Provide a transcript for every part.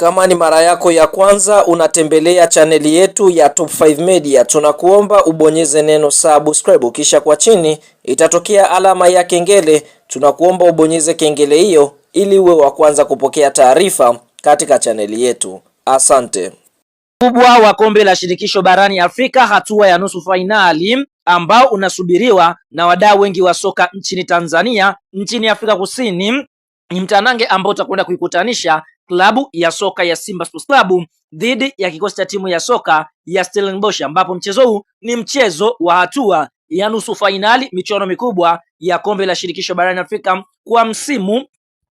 Kama ni mara yako ya kwanza unatembelea chaneli yetu ya Top 5 Media, tunakuomba ubonyeze neno subscribe, kisha kwa chini itatokea alama ya kengele. Tunakuomba ubonyeze kengele hiyo ili uwe wa kwanza kupokea taarifa katika chaneli yetu. Asante. Kubwa wa kombe la shirikisho barani Afrika hatua ya nusu fainali ambao unasubiriwa na wadau wengi wa soka nchini Tanzania, nchini Afrika Kusini ni mtanange ambao utakwenda kuikutanisha klabu ya soka ya Simba Sports Club dhidi ya kikosi cha timu ya soka ya Stellenbosch, ambapo mchezo huu ni mchezo wa hatua ya nusu fainali michuano mikubwa ya kombe la shirikisho barani Afrika kwa msimu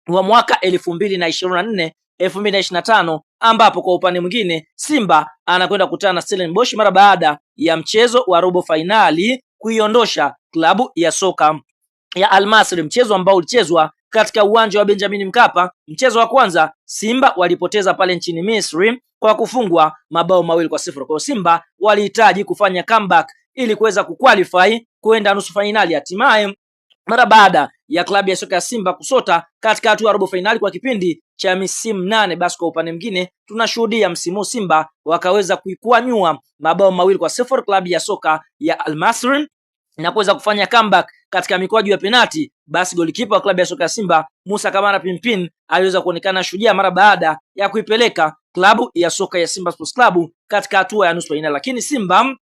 wa mwaka elfu mbili na ishirini na nne elfu mbili na ishirini na tano ambapo kwa upande mwingine Simba anakwenda kukutana na Stellenbosch mara baada ya mchezo wa robo fainali kuiondosha klabu ya soka ya Almasri, mchezo ambao ulichezwa katika uwanja wa Benjamin Mkapa. Mchezo wa kwanza Simba walipoteza pale nchini Misri kwa kufungwa mabao mawili kwa sifuri. Kwa hiyo Simba walihitaji kufanya comeback ili kuweza kuqualify kuenda nusu fainali hatimaye mara baada ya klabu ya soka ya Simba kusota katika hatua ya robo fainali kwa kipindi cha misimu nane. Basi kwa upande mwingine, tunashuhudia msimu Simba wakaweza kuikwanyua mabao mawili kwa sifuri klabu ya soka ya Al Masry na kuweza kufanya comeback katika mikwaju ya penati, basi golikipa wa klabu ya soka ya Simba Musa Kamara Pimpin aliweza kuonekana shujaa mara baada ya kuipeleka klabu ya soka ya Simba Sports Club katika hatua ya nusu fainali, lakini Simba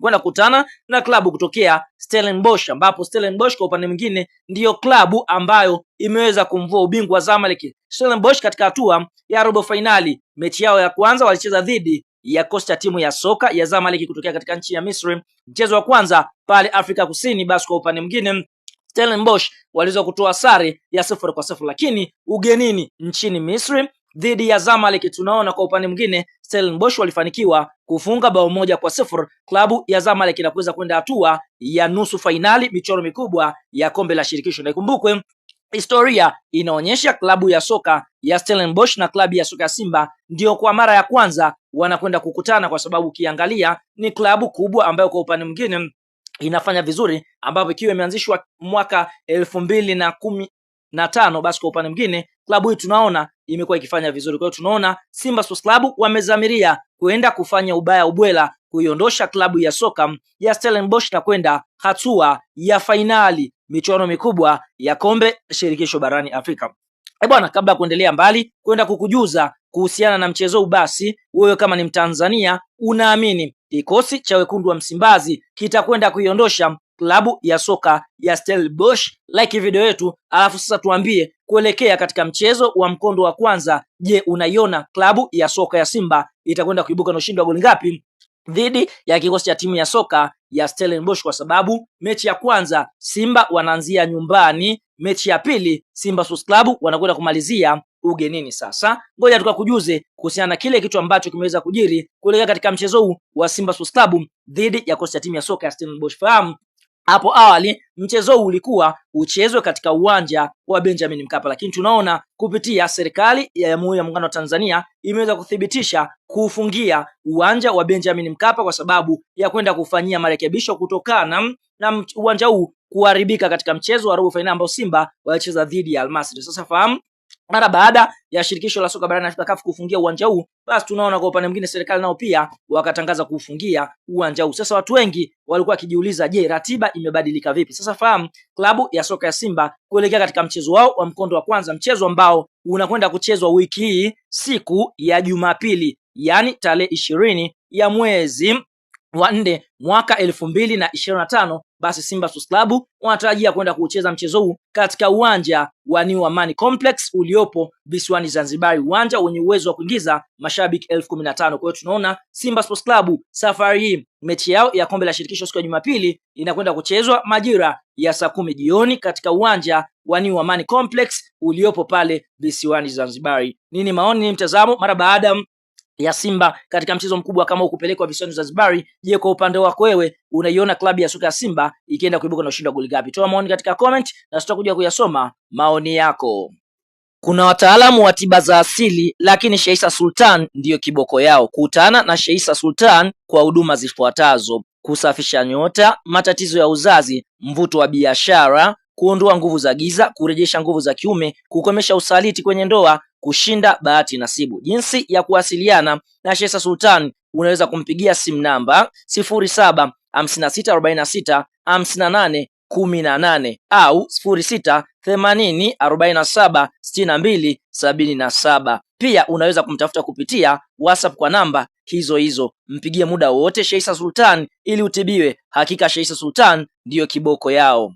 kwenda kukutana na klabu kutokea Stellenbosch, ambapo Stellenbosch kwa upande mwingine ndiyo klabu ambayo imeweza kumvua ubingwa Zamalek. Stellenbosch katika hatua ya robo fainali, mechi yao ya kwanza walicheza dhidi yakosha timu ya soka ya Zamalek kutokea katika nchi ya Misri, mchezo wa kwanza pale Afrika Kusini. Basi kwa upande mwingine Stellenbosch waliweza kutoa sare ya sifuri kwa sifuri, lakini ugenini nchini Misri dhidi ya Zamalek tunaona kwa upande mwingine Stellenbosch walifanikiwa kufunga bao moja kwa sifuri klabu ya Zamalek na kuweza kwenda hatua ya nusu fainali michuano mikubwa ya kombe la shirikisho. Na ikumbukwe Historia inaonyesha klabu ya soka ya Stellenbosch na klabu ya soka ya Simba ndio kwa mara ya kwanza wanakwenda kukutana, kwa sababu ukiangalia ni klabu kubwa ambayo kwa upande mwingine inafanya vizuri, ambapo ikiwa imeanzishwa mwaka elfu mbili na kumi na tano basi kwa upande mwingine klabu hii tunaona imekuwa ikifanya vizuri. Kwa hiyo tunaona Simba Sports Club wamezamiria kwenda kufanya ubaya ubwela kuiondosha klabu ya soka ya Stellenbosch na kwenda hatua ya fainali michuano mikubwa ya kombe shirikisho barani Afrika. Eh bwana, kabla ya kuendelea mbali kwenda kukujuza kuhusiana na mchezo huu, basi wewe kama ni Mtanzania unaamini kikosi cha wekundu wa Msimbazi kitakwenda kuiondosha klabu ya soka ya Stellenbosch, like video yetu, alafu sasa tuambie kuelekea katika mchezo wa mkondo wa kwanza. Je, unaiona klabu ya soka ya Simba itakwenda kuibuka na no ushindi wa goli ngapi dhidi ya kikosi cha timu ya soka ya Stellenbosch kwa sababu mechi ya kwanza Simba wanaanzia nyumbani, mechi ya pili Simba Sports Club wanakwenda kumalizia ugenini. Sasa ngoja tukakujuze kuhusiana na kile kitu ambacho kimeweza kujiri kuelekea katika mchezo huu wa Simba Sports Club dhidi ya kikosi cha timu ya soka ya Stellenbosch. Fahamu hapo awali mchezo huu ulikuwa uchezwe katika uwanja wa Benjamin Mkapa, lakini tunaona kupitia serikali ya Jamhuri ya Muungano wa Tanzania imeweza kuthibitisha kuufungia uwanja wa Benjamin Mkapa kwa sababu ya kwenda kufanyia marekebisho kutokana na uwanja huu kuharibika katika mchezo wa robo fainali ambao Simba walicheza dhidi ya Almasri. Sasa fahamu mara baada ya shirikisho la soka barani Afrika CAF kufungia uwanja huu, basi tunaona kwa upande mwingine serikali nao pia wakatangaza kuufungia uwanja huu. Sasa watu wengi walikuwa wakijiuliza, je, ratiba imebadilika vipi? Sasa fahamu klabu ya soka ya Simba kuelekea katika mchezo wao wa mkondo wa kwanza, mchezo ambao unakwenda kuchezwa wiki hii siku ya Jumapili, yani tarehe ishirini ya mwezi wa nne mwaka elfu mbili na ishirini na tano basi Simba Sports Club wanatarajia kwenda kucheza mchezo huu katika uwanja wa New Amani Complex uliopo visiwani Zanzibar, uwanja wenye uwezo wa kuingiza mashabiki elfu kumi na tano. Kwa hiyo tunaona Simba Sports Club safari hii mechi yao ya kombe la shirikisho siku ya Jumapili inakwenda kuchezwa majira ya saa kumi jioni katika uwanja wa New Amani Complex uliopo pale visiwani Zanzibar. Nini maoni, ni mtazamo mara baada ya Simba katika mchezo mkubwa kama ukupelekwa visiwani Zanzibar. Je, kwa upande wako wewe unaiona klabu ya soka ya Simba ikienda kuibuka na ushindi wa goli gapi? Toa maoni katika comment na sitakuja kuyasoma maoni yako. Kuna wataalamu wa tiba za asili lakini Sheisa Sultan ndiyo kiboko yao. Kutana na Sheisa Sultan kwa huduma zifuatazo: kusafisha nyota, matatizo ya uzazi, mvuto wa biashara kuondoa nguvu za giza, kurejesha nguvu za kiume, kukomesha usaliti kwenye ndoa, kushinda bahati nasibu. Jinsi ya kuwasiliana na Shesa Sultan, unaweza kumpigia simu namba 0756465818 au sifuri Pia unaweza kumtafuta kupitia WhatsApp kwa namba hizo hizo. Mpigie muda wote Sheisa Sultan ili utibiwe. Hakika Sheisa Sultan ndiyo kiboko yao.